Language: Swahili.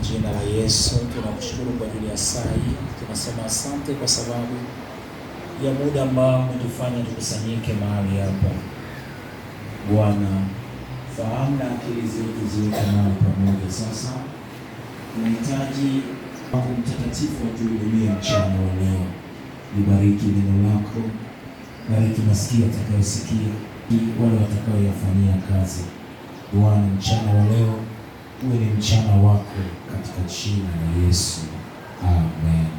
Jina la Yesu tunamshukuru kwa ajili ya tunasema asante kwa sababu ya muda ambao umetufanya tukusanyike mahali hapa. Bwana, fahamu na akili zetu ziweke nao pamoja. Sasa tunahitaji Roho Mtakatifu wa juu dunia mchana wa leo libariki neno lako, bariki masikio atakayosikia, wale watakaoyafanyia kazi. Bwana, mchana wa leo uwe ni mchana wako katika jina la Yesu, amen.